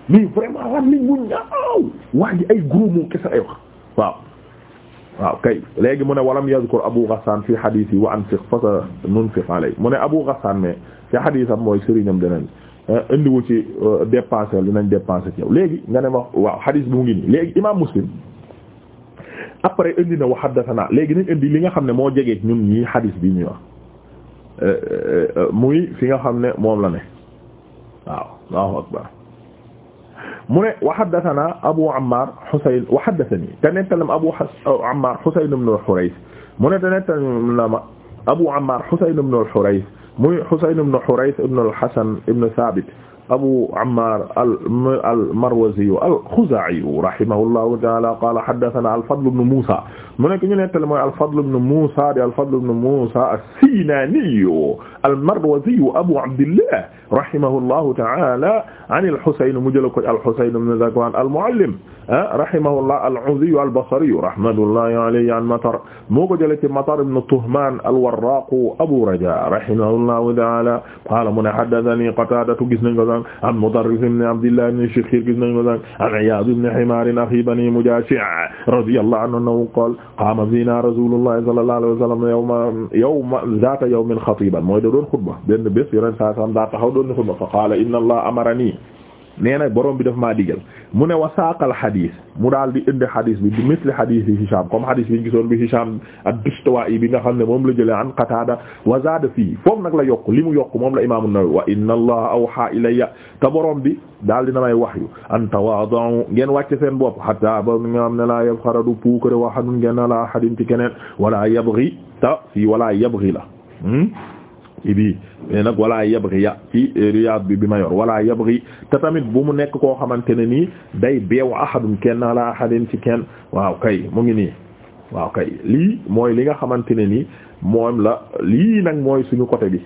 mais vraiment làmmeñ wu ñaaw waa ji ay gros mots kese ay wax waaw waaw kay léegi mu ne walam yazkur Abu Ghassan fi hadith yi wa anfiq fa sa nunfiq alay mu ne Abu Ghassan mais ci hadith mooy sëriñam danañ eh, indiwu ci euh, dépenser li nañ dépenser ci yow léegi nga ne ma waaw hadith bi mu ngi nii léegi imam Muslim après indi na wa haddathana léegi nañ indi li nga xam ne moo jege ñun ñii hadith bi ñuy wax Eh, eh, eh, muy fi nga xam ne moom la ne waaw Allahu akbar mu ne wa haddathana Abu Ammar Husayn wa haddathani te nettalam Abu Ammar Husayn ibn al-Hurayth mu ne te nettalam Abu Ammar Husayn ibn al-Hurayth muy Husayn ibn Hurayth ibn al-Hasan ibn Thabit abu ammar al-marwazi al-khuzaa'i rahimahullahu ta'ala qaala haddathana al-fadl ibn musa mu nekk ñu nettali mooy al-fadl ibn musa di al-fadl ibn musa as-sinani al-Marwazi Abu Abdillah rahimahullahu ta'ala an al-Husayn mu jël ko al-Husayn ibn Zakwan al-Mu'allim rahimahullah al-Uzi al-Basri rahmatullahi alayhi an Matar moo ko jëlee ci Matar ibn Tuhman al-Warraq Abu Raja rahimahullahu ta'ala qala mu ne haddathani Qatada gis nañ ko sànq an Mudarris ibn Abdillah ibn Shikhkhir gis nañ ko sànq an Iyad ibn Himar akhi bani Mujashi' radiyallahu anhu qala qama bina Rasulullah sallallahu alayhi wa sallam yawma yawma dhata yawmin khatiban doon xutba benn bés yonent saa sallam daa taxaw doon na xutba fa qaala inna allah amarani nee na borom bi daf maa digal mu ne wasaaqal xadis mu daal di indi xadis bi bi misli xadis yi Hisham comme xadis bi ñu gisoon bi Hisham ad-Dustawa'i bi nga xam ne moom la jëlee an Qatada wa zaada fii foofu nag la yokk li mu yokk moom la imaamu Nawawi wa inna allaha awha ilayya te borom bi daal di na may waxyu an tawaada'u ngeen wàcce seen bopp hatta ba nga xam ne laa yabxara du puukare waxadun ngeen ala ahadin ci keneen wala yabghi ta fii wala yabghi la bi mais nag wala yabri ya bi bi ma yor wala yabri te tamit bu mu nekk koo xamante ne nii day beew ahadum kenn ala ahadin ci kenn waaw kay mu ngi nii waaw kay lii mooy li nga xamante ne nii moom la lii nag mooy suñu côté bi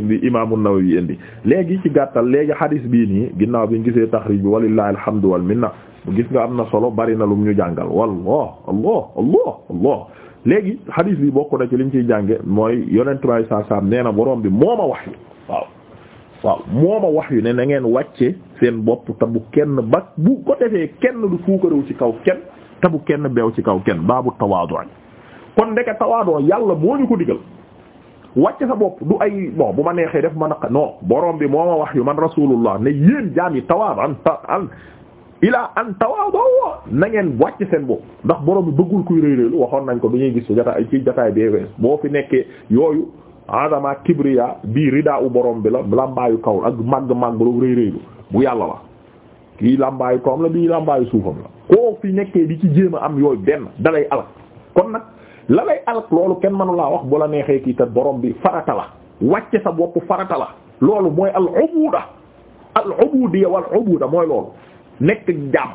bi imaam an-Nawawi indi léegi ci gàttal léegi hadis bii nii ginnaaw bi ñu gisee taxriij bi walillahi alhamdu wal minna gis nga am na solo bari na lu mu ñu jàngal wallah allah allah allah léegi hadis bi bokk na ci liñ ciy jànge mooy yonent bay saa saam nee na borom bi moo ma wax yu waaw moo ma wax yu ne na ngeen wàcce seen bopp te bu kenn ba bu ko defee kenn du fuukarew ci kaw kenn te bu kenn beew ci kaw kenn baabu tawaadu kon ndeke tawaadu yàlla moo ñu ko digal wàcce sa bopp du ay bon bu ma neexee def ma naq non borom bi moo ma wax yu man rasulullah ne yéen jaam yi tawaadu an ilaa an tawaadaw na ngeen wàcc seen bopp ndax borom bi bëggul kuy rëy rëylu waxoon nañ ko bi ñuy gis ci jotaay ci jotaay bee wees boo fi nekkee yooyu adama kibriya bii ridaa u boroom bi la làmbaayu kaw ak màgg màgg loolu rëy rëylu bu yàlla la kii làmbaayu kawam la bii làmbaayu suufam la koo fi nekkee di ci jéem a am yooyu benn dalay alak kon nag la lay alak loolu kenn mënu laa wax bu la neexee kii kat borom bi farata la wàcce sa bopp farata la loolu mooy al ubuda al ubudiya wal ubuda mooy loolu nekk jaam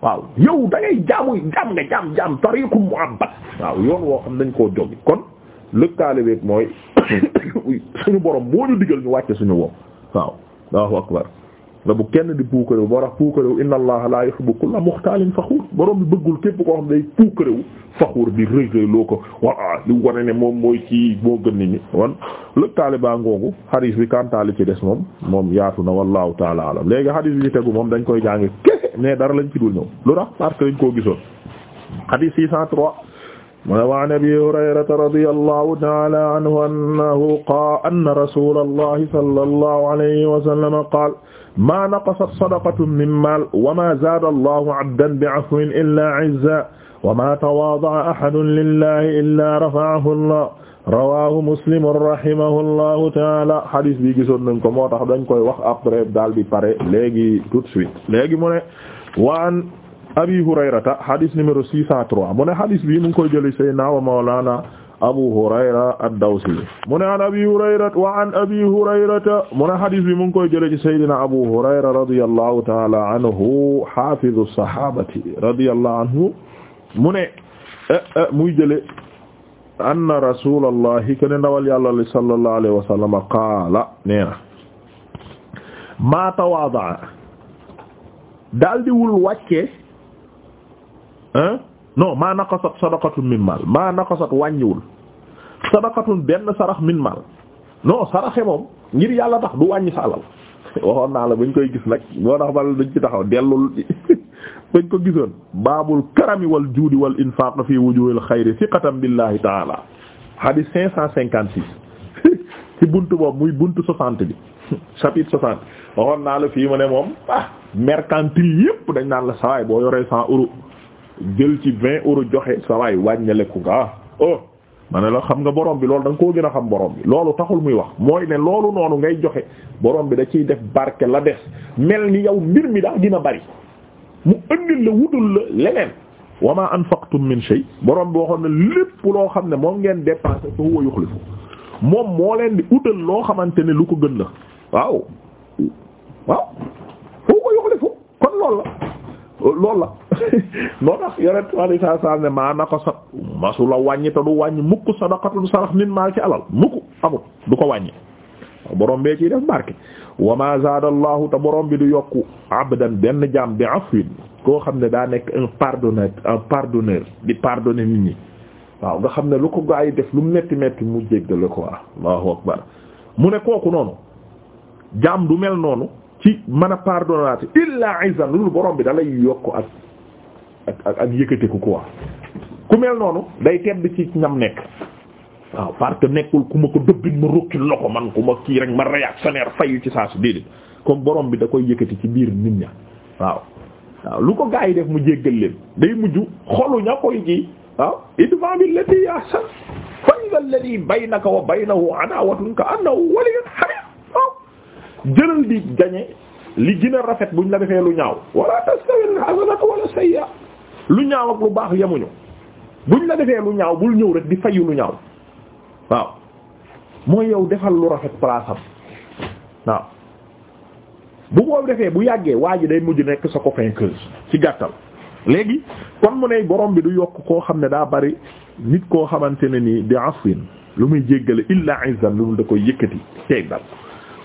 waaw yow da ngay jaamu jaam nga jaam jaam tariqu mu'abbad waaw yoon woo xam dañ koo jógi kon lëkkaale week mooy suñu borom moo ñu digal ñu wàcce suñu wom waaw Allahu akbar la bu kenn di puukarewu boo tax puukarewu inna allaha la yuhibbu kulla muxtaalin faxuur borom bi bëggul képp koo xam day puukarewu faxuur di rëy loo ko waa li wane ne moom mooy ci moo gën nit ñi wan lëg taalibaa ngoogu xadiis bi kantaali ci des moom moom yaatu na wallahu taala alam léegi xadiis bi ci tegu moom dañ koy jànge kese mais dara lañ ci dul ñëw lu tax parce que dañ koo gisoon xadiis 603 mu ne waan abi hurayrata radi allahu taala anhu maa naqasat sadaqatun min maal wa maa zaada allahu abdan bi afwin illaa izza wa maa tawaada'a ahadun lillahi illaa rafa'ahu allah rawahu muslim rahimahu allahu taala hadis bi gisoon nañ ko moo tax dañ koy wax après daal bi pare léegi tout de suite léegi mu ne wa an abi hurayrata hadis numéro 603 mu ne hadis bi mu ngi koy jëli sayyidina wa mawlana abu hurayra ad-dawsi mu ne an abi hurayra wa an abi hurayrata mu ne hadis bi mu ngi koy jële ci saydina abu hurayra radiyallahu taala anhu hafizu sahabati radiyallahu anhu mu ne eh, eh, muy jële anna rasulallahi kene ndawal yàlla li sallallahu alayhi wa sallam qaala nee na maa tawaadaa daldi wul wàcce no maa naqasat sadaqatun min maa naqasat wàññiwul sadaqatun benn sarax min mal non saraxe moom ngir yàlla tax du wàññi sa alal waxoon naa la bañ koy gis nag moo tax bal dañ ci taxaw dellul bañ ko gisoon baabul karami wal juudi wal infaaq fi wujuhil xayri thiqatan billahi taala hadith cinq cent cinquante six ci buntu boobu muy buntu soixante bi chapitre soixante waxoon naa la fii mu ne moom ah mercantile yépp dañ naan la sawaay boo yoree cent euros jël ci vingt euros joxe sa waay wàññaleku nga oh ma ne la xam nga borom bi loolu danga koo gën a xam borom bi loolu taxul muy wax mooy ne loolu noonu ngay joxe borom bi da ciy def barke la des mel ni yow mbir mi daa dina bari mu ëndil la wutul la leneen wa ma anfaqtum min shay borom bi waxoon na lépp loo xam ne moom ngeen dépensé fa huwa yukhlifu moom moo leen di utal loo xamante ne lu ko gën la waaw waaw huwa yukhlifu kon loolu la loolu la moo tax yonent sallallahu alayhi ne maa naqasat masula wàññi du wàññi mukk sadaqatun sarax min maa ci alal mukk amut du ko wàññi borom bee ciy def barke wa ma zaada te borom bi du yokku abdan benn jaam bi afwin koo xam ne daa nekk un pardonneur un pardonneur di pardonner nit ñi waaw nga xam ne lu ko gaa yi def lu metti metti mu jéggale ko allahu akbar mu ne kooku noonu jaam du mel noonu ci man a pardonnaate ay izan lu borom bi dalay yokk ak ak ak ak yëkkateku quoi ku mel noonu day tedd ci ñam nekk waaw parce nekkul ku ma ko dëbbin ma rukki loko man ku ma kii rek ma réactionnaire fayu ci saa si déedéet comme borom bi da koy yëkkati ci biir nit ña waaw waaw lu ko gaa def mu jéggal leen day mujj xolu ña koy ji waaw idfa billati ahsan fa idha alladhi baynaka wa baynahu adawatun ka annahu waliyyun hamim jëlal di gañe li gën a rafet buñ la defee lu ñaaw wala tastawil hasanatu wala sayya lu ñaaw ak lu baax yemuñu buñ la defee lu ñaaw bul ñëw rek di fayu lu ñaaw waaw mooy yow defal lu rafet place am waaw bu boobu defee bu yàggee waa ji day mujj nekk sa copain queuse ci gàttal léegi kon mu ne borom bi du yokk koo xam ne daa bari nit koo xamante ne nii di afwin lu muy jéggale illa izzan lu mu da koy yëkkati teeg dal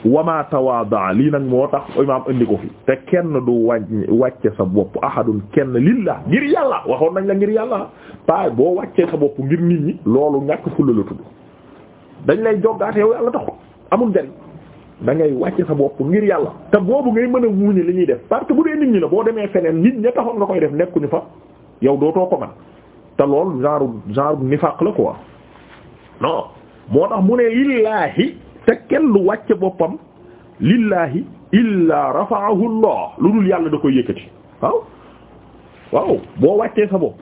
wama tawaadaa lii nag moo tax imaam indi ko fi te kenn du wàññi wàcce sa bopp ahadun kenn lillah ngir yàlla waxoon nañ la ngir yàlla paa boo wàccee sa bopp ngir nit ñi loolu ñàkk fulla la tudd dañ lay joggaate yow yàlla taxul amul njariñ da ngay wàcce sa bopp ngir yàlla te boobu ngay mën a muñu li ñuy def parce bu dee nit ñi la boo demee feneen nit ña taxoon nga koy def nekkuñu fa yow dootoo ko man te loolu genre genre nifaq la quoi non moo tax te kenn wàcc boppam lillahi illa rafa'ahu allah lu dul yàlla da koy yëkkati waaw waaw boo wàccee sa bopp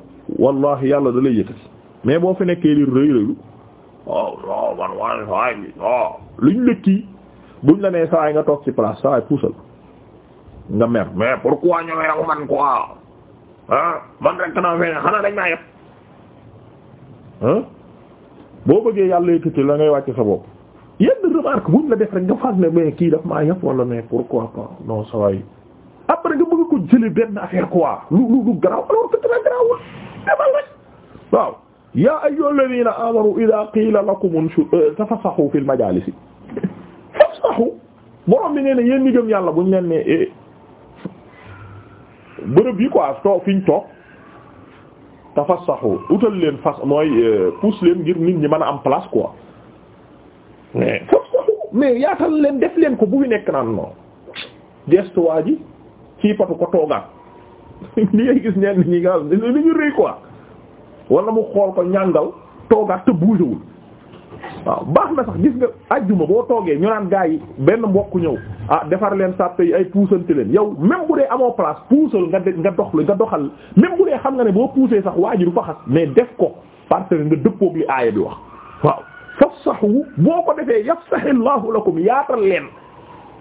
wallahi yàlla da lay yëkkati mais boo fi nekkee di rëy rëyu waaw o man wa saay buñ la nee sawaay nga toog ci place sawaay puusal nga mer mais pourquoi ñëwee ak man quoi ah man rek naa fee xanaa dañ maa yëpp boo bëggee yàlla yëkkati la ngay wàcce sa bopp yenn remarque buñ la def rek nga faag ne mais kii daf maa yëpp wala mais pourquoi pas non ça va après nga bëgg ko jëlee benn affaire quoi lu lu lu garaaw alors que dina garaawul demal rek waaw yaa ayyuhal ladina amanu idha euh, na yéen ñi gëm yàlla buñ leen ne eh, bërëb yi quoi too fiñ toog tafassahu utal leen fas mooy euh, pousse leen ngir nit ñi mën a am place quoi mais mais yaatal leen def leen ko bu fi nekk naan non gestu waa ji kii patu ko toogaat li ngay gis ñenn ñi nga xam li ñu rëy quoi wala mu xool ko ñàngal toogaat te buusewul waaw baax na sax gis nga ajjuma boo toogee ñu naan gaa yi benn mbokk ñëw ah defar leen sàppe ay puusante leen yow même bu dee amoo place puusal nga nga dox nga doxal même bu dee xam nga ne boo puusee sax waa ji du fa mais def ko parce que nga dëppoog li aaya bi wax waaw fafsahu boo ko defee yafsahillahu lakum yaatal leen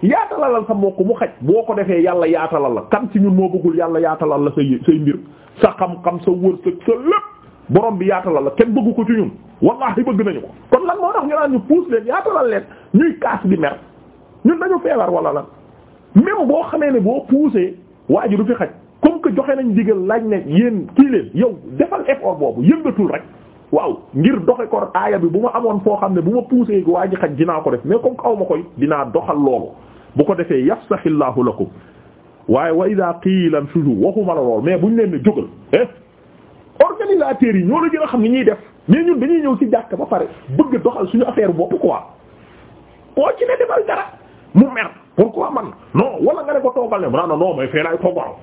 yaatalalal sa mbokk mu xaj boo ko defee yàlla yaatalal la kan ci ñun moo bëggul yàlla yaatalal la say say mbir sa xam-xam sa wërsëg sa lépp borom bi yaatalal la kenn bëggu ko ci ñun wallahi bëgg nañu ko kon lan moo tax ñu naan ñu puus leen yaatalal leen ñuy kaas di mer ñun dañu feebar wala la même boo xamee ne boo puusee waa ji du fi xaj comme que joxe nañ digal laaj ne yéen kii leen yow defal effort boobu yëngatul rek waaw ngir doxe ko aaya bi bu ma amoon foo xam ne bu ma poussé gi waa ji xaj dinaa ko def mais comme aw ma koy dinaa doxal loolu bu ko defee yafsahillahu lakum waaye wa ida qiila anfudu waxuma la lool mais buñ leen ne jógal eh organisateurs yi ñoo la gën xam ni ñuy def mais ñun dañuy ñëw ci jàkk ba pare bëgg doxal suñu affaire bopp quoi koo ci ne defal dara man non wala nga ne ko toogal ne a naa na non mais fee laay toogal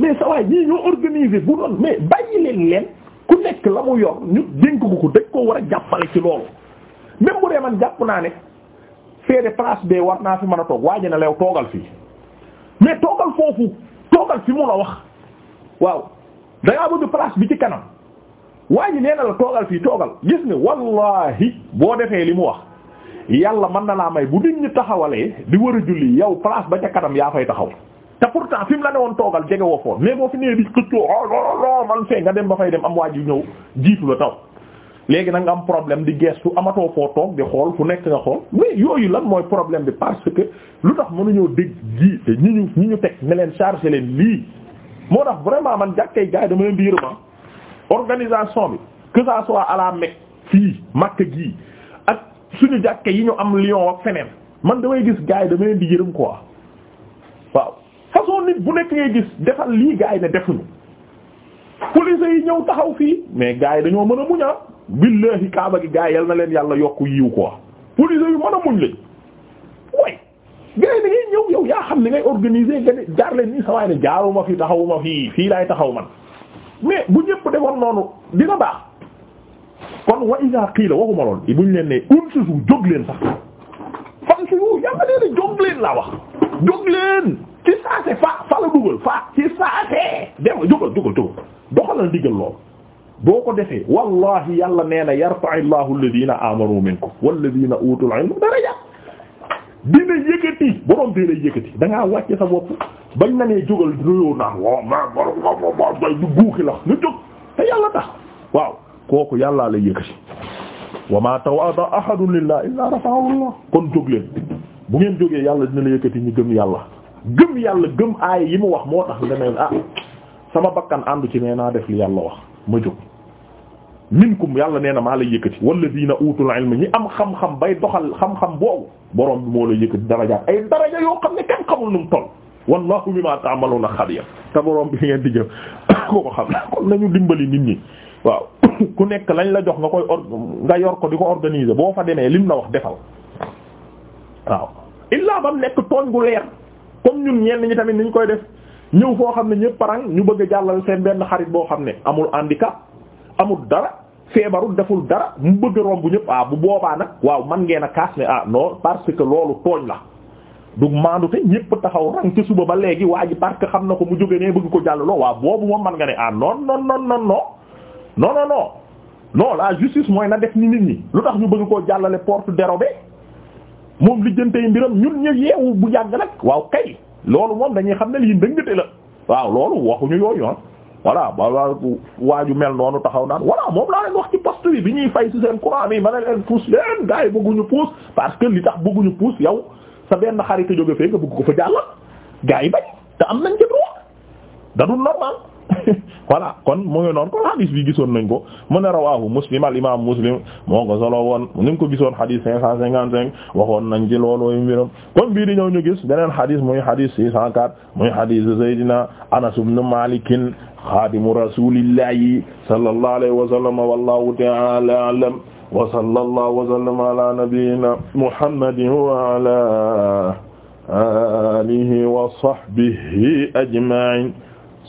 mais sa waay ñii ñoo organisé bu doon mais bàyyi leen leen ku nekk la mu yor ñu dénk ko ko dañ koo war a jàppale ci loolu même bu dee man jàpp naa ne feede place bee war naa fi mën a toog waaji na leew toogal fii mais toogal foofu toogal fi mu la wax waaw dangaa bëgg place bi ci kanam waa ji nee na la toogal fii toogal gis nga wallahi boo defee li mu wax yàlla man na laa may bu nit ñi taxawalee di war a julli yow place ba ca kanam yaa fay taxaw te pourtant fi mu la ne woon toogal jege woo foon mais boo fi nee di xëccoo oh man fee nga dem ba fay dem am waa ji ñëw jiitu la taw. léegi nag nga am problème di gestu amatoo foo toog di xool fu nekk nga xool mais yooyu lan mooy problème bi parce que lu tax mënuñoo dégg ji te ñi ñu ñu teg ne leen chargé leen lii. moo tax vraiment man jàkkee gars yi dama leen di yërëma organisation bi que ça soit à la Mecque fii Makka gii ak suñu jàkkee yi ñu am Lyon man damay gis gars yi dama leen di yërëm façon nit bu nekk ngay gis defal lii gars yi ne defuñu police yi ñëw taxaw fii mais gars yi dañoo mën a muñ a ah. yi kaaba gi gars yi yal na leen yàlla yokk yiw ko police yu mën a muñ lañ way gars yi ñëw yow yaa xam ne ngay organiser nga jaar leen nii sa waay jaaruma fi taxawuma fii fii laay taxaw man mais bu ñëpp defoon noonu dina baax kon wa iza qila waxuma lool buñ leen ne unsusu jóg leen sax fan su yàlla nee na jóg leen laa wax jóg ci saase fa fa la dugal fa ci saase dem dugal dugal dugal doxalal digal lool boo ko defee wallahi yàlla nee na yarfa'i llahu alladhina amanu minkum walladhina utul ilma daraja dina yëkkati borom dee lay yëkkati da ngaa sa bopp bañ na nee jógal nuyoo naa waaw ma borom ma ma ma du guuxi la nga jóg te yàlla tax waaw kooku yàllaa lay yëkkati wa ma tawada ahadun lillahi illa rafa'ahu allah kon jóg leen bu ngeen jógee yàlla dina la yëkkati ñu gëm yàlla gëm yàlla gëm aay yi mu wax moo tax nga ne ah sama bakkan àndu ci nee naa def li yàlla wax ma jóg minkum yàlla nee na maa lay yëkkati walladina utul ilmi ñi am xam-xam bay doxal xam-xam boobu borom bi moo lay yëkkati darajaat ay daraja yoo xam ne kenn xamul nu mu toll wallahu bima ta'maluna xabir te borom bi fi ngeen di jëf ko ko xam kon nañu dimbali nit ñi waaw ku nekk lañ la jox nga koy or nga yor ko di ko organiser boo fa demee lim na wax defal waaw illa bam comme ñun ñenn ñi tamit niñ koy def ñëw foo xam ne ñëpp parang ñu bëgg a jàllal seen benn xarit boo xam ne amul handicap amul dara feebarul deful dara mu bëgg a romb ñëpp ah bu boobaa nag waaw man ngeen a kaas ne ah non parce que loolu tooñ la du maandu te ñëpp taxaw ci suba ba léegi waa ji parce que xam na ko mu jóge ne ko jàllaloo waaw boobu moom man nga ne ah non non non non non non non non non la justice mooy na def ni nit ñi lu tax ñu bëgg koo jàllale porte dérobée moom lijjantey mbiram ñun ñu yeewu bu yàgg nag waaw kay loolu moom dañuy xam ne lii ndëngate la waaw loolu waxuñu yooyu yoon ah. voilà ba waaju mel noonu taxaw naan voilà moom laa leen wax ci poste bi bi ñuy fay ci seen courant bi ma ne leen pousse leen gars yi bëgguñu pousse parce que li tax bëgguñu pousse yow sa benn xarit a jóge fee nga bëgg ko fa jàllal gars yi bañ te am nañ ci droit da normal voilà kon mu ngi noonu kon hadis bi gisoon nañ ko mu ne rawahu muslim al imam muslim moo ko solo ko gisoon hadis cinq cent cinquante cinq waxoon nañ ci loolooyu mbiram kon bii di ñëw ñu gis beneen hadis muy hadis six cent quatre muy hadis Seydina Anas ibn Malik xadimu rasulillahi sallallahu alayhi wa sallam wallahu ta'ala a'lam wa sallallahu wa sallama ala nabiyyina muhammadin wa ala alihi wa sahbihi ajma'in